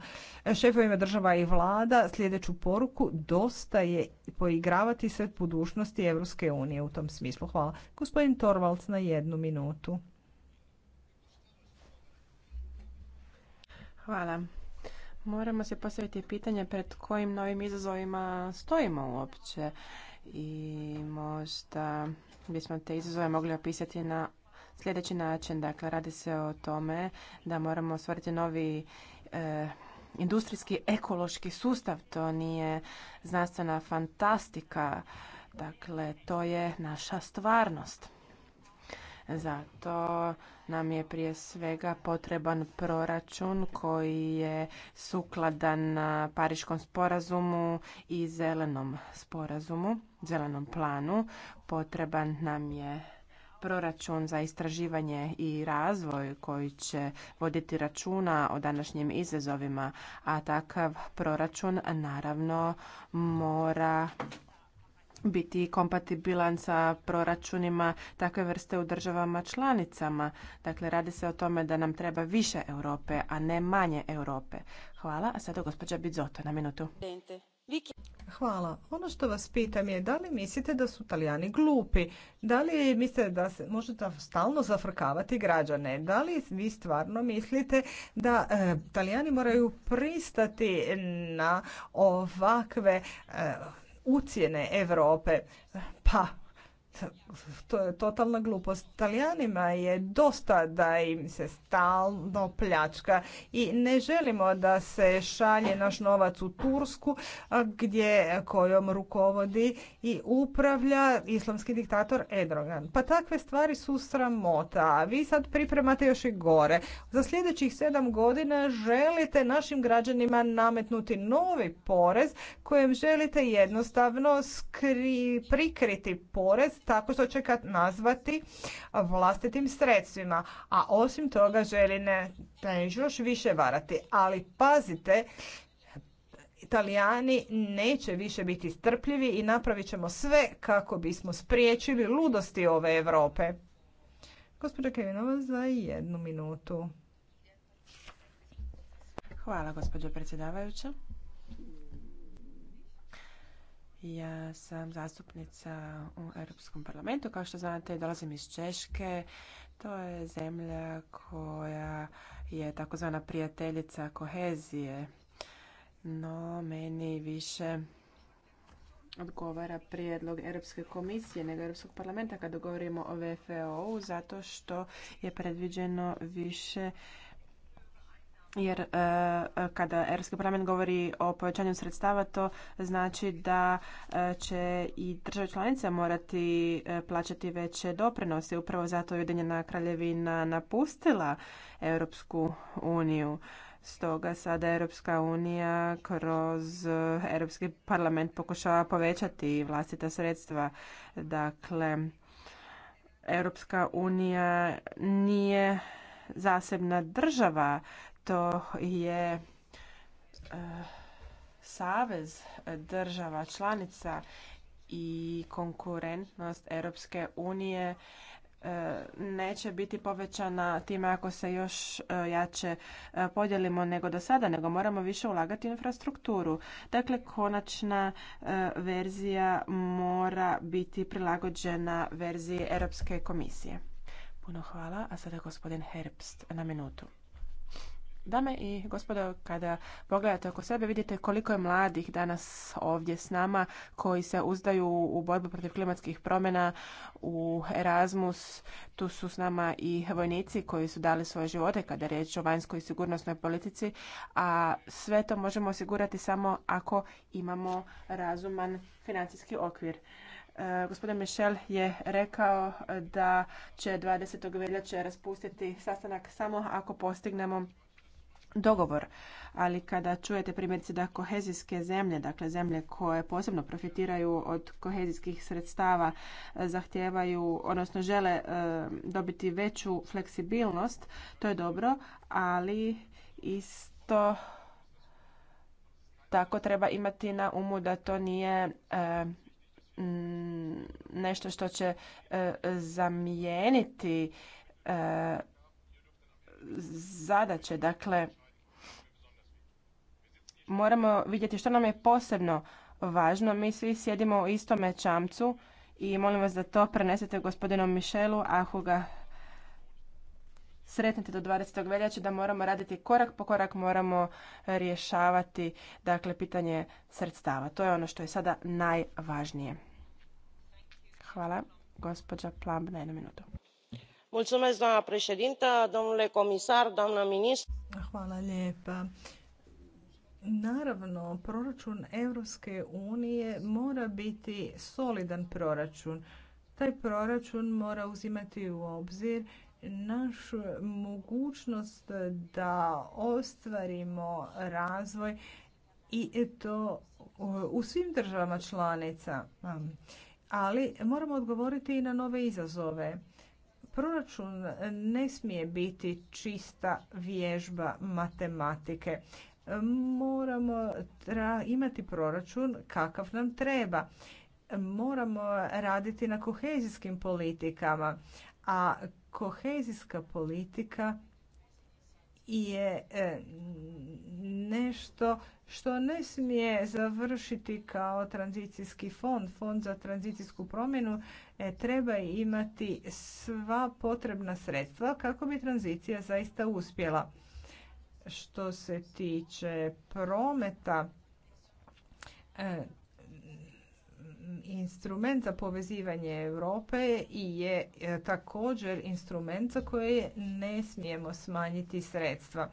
šefovima država i vlada sljedeću poruku dosta je poigravati se budućnosti Europske unije u tom smislu. Hvala. Gospodin Torvalds na jednu minutu minutu. Hvala. Moramo se postaviti pitanje pred kojim novim izazovima stojimo uopće i možda bismo te izazove mogli opisati na sljedeći način. Dakle, radi se o tome da moramo stvoriti novi e, industrijski ekološki sustav. To nije znanstvena fantastika. Dakle, to je naša stvarnost. Zato nam je prije svega potreban proračun koji je sukladan Pariškom sporazumu i zelenom sporazumu, zelenom planu. Potreban nam je proračun za istraživanje i razvoj koji će voditi računa o današnjim izazovima, a takav proračun naravno mora biti kompatibilan sa proračunima takve vrste u državama članicama. Dakle, radi se o tome da nam treba više Europe, a ne manje Europe. Hvala, a sada gospođa Bizoto na minutu. Hvala. Ono što vas pitam je da li mislite da su Talijani glupi? Da li mislite da se možete stalno zafrkavati građane? Da li vi stvarno mislite da e, Talijani moraju pristati na ovakve e, ucijene Europe. Pa to je totalna glupost. Italijanima je dosta da im se stalno pljačka i ne želimo da se šalje naš novac u Tursku gdje kojom rukovodi i upravlja islamski diktator Edrogan. Pa takve stvari su sramota. A vi sad pripremate još i gore. Za sljedećih sedam godina želite našim građanima nametnuti novi porez kojem želite jednostavno prikriti porez tako što će nazvati vlastitim sredstvima. A osim toga želi ne još više varati. Ali pazite, Italijani neće više biti strpljivi i napravit ćemo sve kako bismo spriječili ludosti ove Europe. Gospođa Kevinova za jednu minutu. Hvala gospođo predsjedavajuća. Ja sam zastupnica u Europskom parlamentu. Kao što znate, dolazim iz Češke. To je zemlja koja je takozvana prijateljica kohezije. No, meni više odgovara prijedlog Europske komisije nego Europskog parlamenta kada govorimo o VFO-u zato što je predviđeno više jer e, kada Europski parlament govori o povećanju sredstava to znači da e, će i države članice morati e, plaćati veće doprinose. Upravo zato je Ujedinjena kraljevina napustila Europsku uniju. Stoga sada Europska unija kroz Europski parlament pokušava povećati vlastita sredstva. Dakle, Europska unija nije zasebna država to je e, savez država članica i konkurentnost Europske unije e, neće biti povećana time ako se još e, jače podijelimo nego do sada, nego moramo više ulagati u infrastrukturu. Dakle, konačna verzija mora biti prilagođena verziji Europske komisije. Puno hvala, a sada gospodin Herbst na minutu. Dame i gospodo, kada pogledate oko sebe vidite koliko je mladih danas ovdje s nama koji se uzdaju u borbu protiv klimatskih promjena u Erasmus. Tu su s nama i vojnici koji su dali svoje živote kada je riječ o vanjskoj i sigurnosnoj politici, a sve to možemo osigurati samo ako imamo razuman financijski okvir. E, gospodin Michel je rekao da će 20. veljače raspustiti sastanak samo ako postignemo dogovor. Ali kada čujete primjerice da kohezijske zemlje, dakle zemlje koje posebno profitiraju od kohezijskih sredstava, e, zahtijevaju, odnosno žele e, dobiti veću fleksibilnost, to je dobro, ali isto tako treba imati na umu da to nije e, nešto što će zamijeniti zadaće. Dakle, moramo vidjeti što nam je posebno važno. Mi svi sjedimo u istome čamcu i molim vas da to prenesete gospodinu Mišelu ako ga sretnete do 20. veljače da moramo raditi korak po korak, moramo rješavati dakle pitanje sredstava. To je ono što je sada najvažnije. Hvala. Gospođa Plamb na jednu minutu doamnă președintă domnule comisar doamnă ministru naravno proračun europske unije mora biti solidan proračun taj proračun mora uzimati u obzir našu mogućnost da ostvarimo razvoj i to u svim državama članica ali moramo odgovoriti i na nove izazove Proračun ne smije biti čista vježba matematike. Moramo imati proračun kakav nam treba. Moramo raditi na kohezijskim politikama, a kohezijska politika je e, nešto što ne smije završiti kao tranzicijski fond. Fond za tranzicijsku promjenu e, treba imati sva potrebna sredstva kako bi tranzicija zaista uspjela. Što se tiče prometa, e, instrument za povezivanje Europe i je e, također instrument za koje ne smijemo smanjiti sredstva.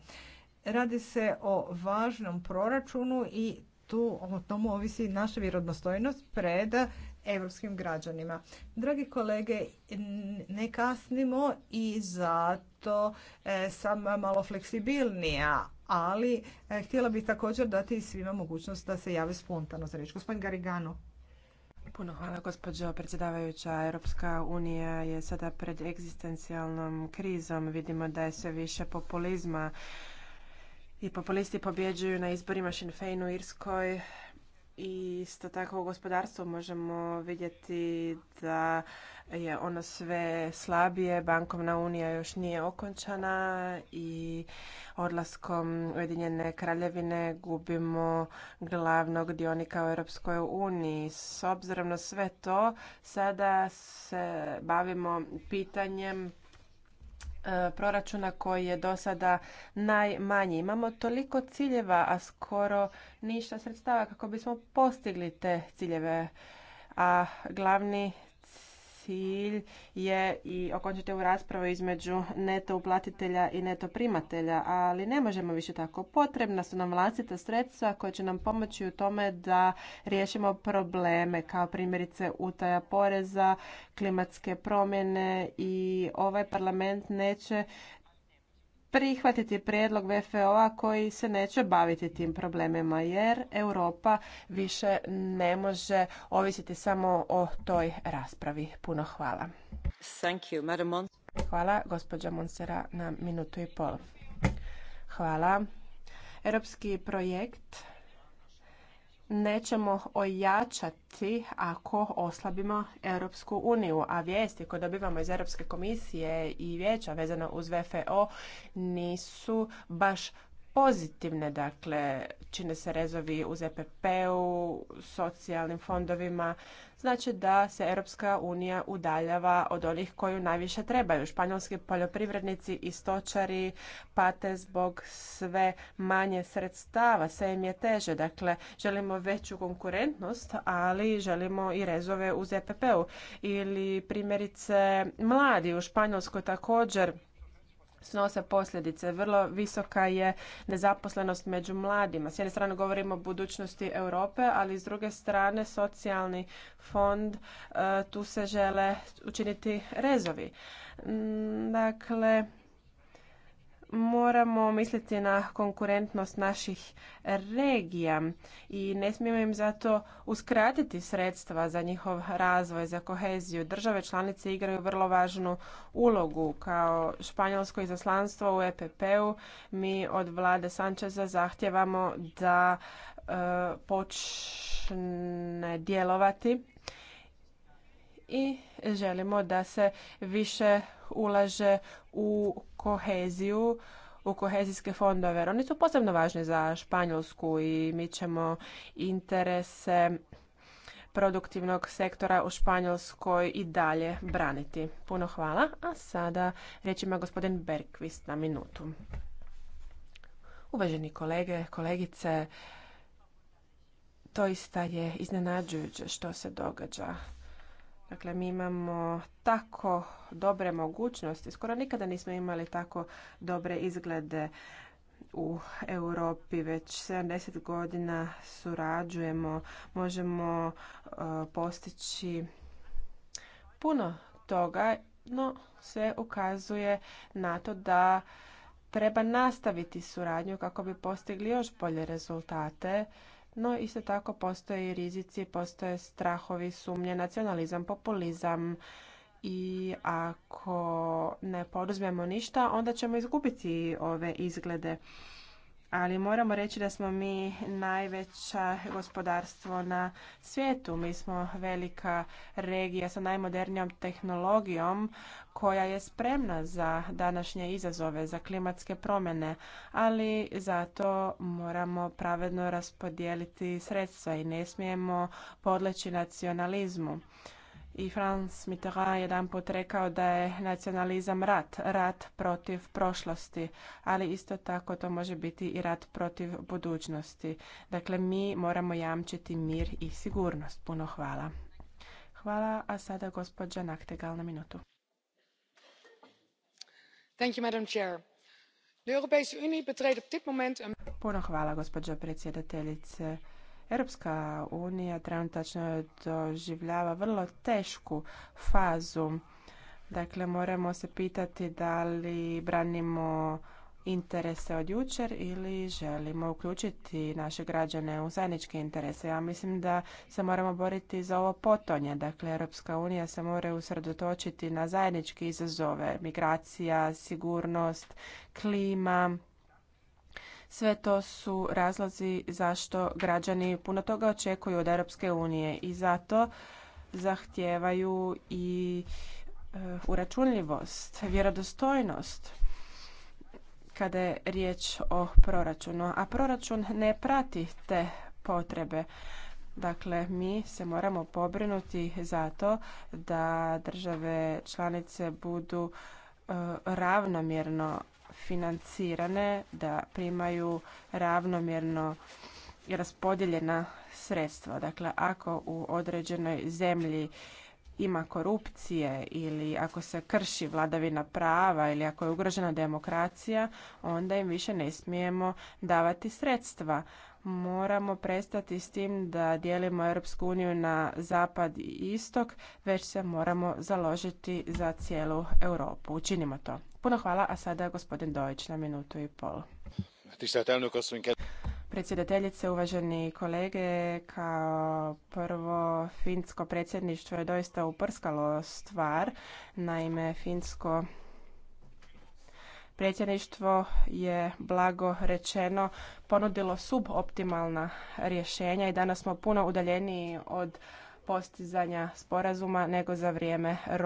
Radi se o važnom proračunu i tu o tomu ovisi naša vjerodostojnost pred europskim građanima. Dragi kolege, ne kasnimo i zato e, sam malo fleksibilnija, ali e, htjela bih također dati svima mogućnost da se jave spontano za riječ. Gospodin Garigano. Puno hvala gospođo predsjedavajuća. Europska unija je sada pred egzistencijalnom krizom. Vidimo da je sve više populizma i populisti pobjeđuju na izborima Sinn u Irskoj Isto tako u gospodarstvu možemo vidjeti da je ono sve slabije, bankovna unija još nije okončana i odlaskom Ujedinjene kraljevine gubimo glavnog dionika u Europskoj uniji. S obzirom na sve to, sada se bavimo pitanjem E, proračuna koji je do sada najmanji. Imamo toliko ciljeva, a skoro ništa sredstava kako bismo postigli te ciljeve. A glavni cilj je i okončiti ovu raspravu između neto uplatitelja i neto primatelja, ali ne možemo više tako. Potrebna su nam vlastita sredstva koja će nam pomoći u tome da riješimo probleme kao primjerice utaja poreza, klimatske promjene i ovaj parlament neće prihvatiti prijedlog VFO-a koji se neće baviti tim problemima jer Europa više ne može ovisiti samo o toj raspravi. Puno hvala. Thank Hvala, gospođa Monsera, na minutu i pol. Hvala. Europski projekt nećemo ojačati ako oslabimo Europsku uniju, a vijesti koje dobivamo iz Europske komisije i vijeća vezano uz VFO nisu baš pozitivne, dakle čine se rezovi u zpp e u socijalnim fondovima, znači da se Europska unija udaljava od onih koju najviše trebaju. Španjolski poljoprivrednici i stočari pate zbog sve manje sredstava, sve im je teže. Dakle, želimo veću konkurentnost, ali želimo i rezove u zpp e u Ili primjerice mladi u Španjolskoj također snose posljedice. Vrlo visoka je nezaposlenost među mladima. S jedne strane govorimo o budućnosti Europe, ali s druge strane socijalni fond, e, tu se žele učiniti rezovi. Dakle, moramo misliti na konkurentnost naših regija i ne smijemo im zato uskratiti sredstva za njihov razvoj, za koheziju. Države članice igraju vrlo važnu ulogu. Kao španjolsko izaslanstvo u EPP-u mi od vlade Sančeza zahtjevamo da e, počne djelovati i želimo da se više ulaže u koheziju u kohezijske fondove. Oni su posebno važni za Španjolsku i mi ćemo interese produktivnog sektora u Španjolskoj i dalje braniti. Puno hvala. A sada riječ ima gospodin Berkvist na minutu. Uvaženi kolege, kolegice, to je iznenađujuće što se događa Dakle, mi imamo tako dobre mogućnosti, skoro nikada nismo imali tako dobre izglede u Europi već 70 godina surađujemo, možemo e, postići puno toga, no sve ukazuje na to da treba nastaviti suradnju kako bi postigli još bolje rezultate. No, isto tako postoje rizici, postoje strahovi, sumnje, nacionalizam, populizam i ako ne poduzmemo ništa, onda ćemo izgubiti ove izglede ali moramo reći da smo mi najveća gospodarstvo na svijetu. Mi smo velika regija sa najmodernijom tehnologijom koja je spremna za današnje izazove, za klimatske promjene, ali zato moramo pravedno raspodijeliti sredstva i ne smijemo podleći nacionalizmu i Franz Mitterrand jedan put rekao da je nacionalizam rat, rat protiv prošlosti, ali isto tako to može biti i rat protiv budućnosti. Dakle, mi moramo jamčiti mir i sigurnost. Puno hvala. Hvala, a sada gospođa Naktegal na minutu. Thank you, Madam Chair. Puno hvala, gospođo predsjedateljice. Europska unija trenutačno doživljava vrlo tešku fazu. Dakle, moramo se pitati da li branimo interese od jučer ili želimo uključiti naše građane u zajedničke interese. Ja mislim da se moramo boriti za ovo potonje. Dakle, Europska unija se mora usredotočiti na zajedničke izazove, migracija, sigurnost, klima, sve to su razlozi zašto građani puno toga očekuju od Europske unije i zato zahtijevaju i e, uračunljivost, vjerodostojnost kada je riječ o proračunu. A proračun ne prati te potrebe. Dakle, mi se moramo pobrinuti za to da države članice budu e, ravnomjerno financirane, da primaju ravnomjerno raspodijeljena sredstva. Dakle, ako u određenoj zemlji ima korupcije ili ako se krši vladavina prava ili ako je ugrožena demokracija, onda im više ne smijemo davati sredstva. Moramo prestati s tim da dijelimo Europsku uniju na zapad i istok, već se moramo založiti za cijelu Europu. Učinimo to. Puno hvala, a sada gospodin Dojić na minutu i pol. Predsjedateljice, uvaženi kolege, kao prvo finsko predsjedništvo je doista uprskalo stvar. Naime, finsko predsjedništvo je blago rečeno ponudilo suboptimalna rješenja i danas smo puno udaljeniji od postizanja sporazuma nego za vrijeme e,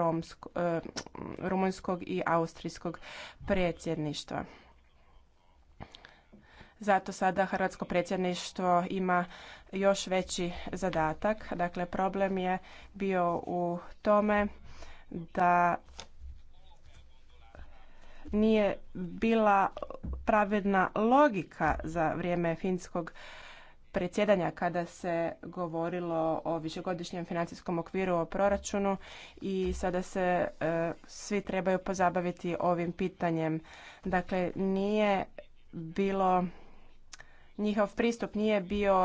rumunjskog i austrijskog predsjedništva. Zato sada hrvatsko predsjedništvo ima još veći zadatak. Dakle, problem je bio u tome da nije bila pravedna logika za vrijeme finskog predsjedanja kada se govorilo o višegodišnjem financijskom okviru o proračunu i sada se e, svi trebaju pozabaviti ovim pitanjem. Dakle, nije bilo njihov pristup nije bio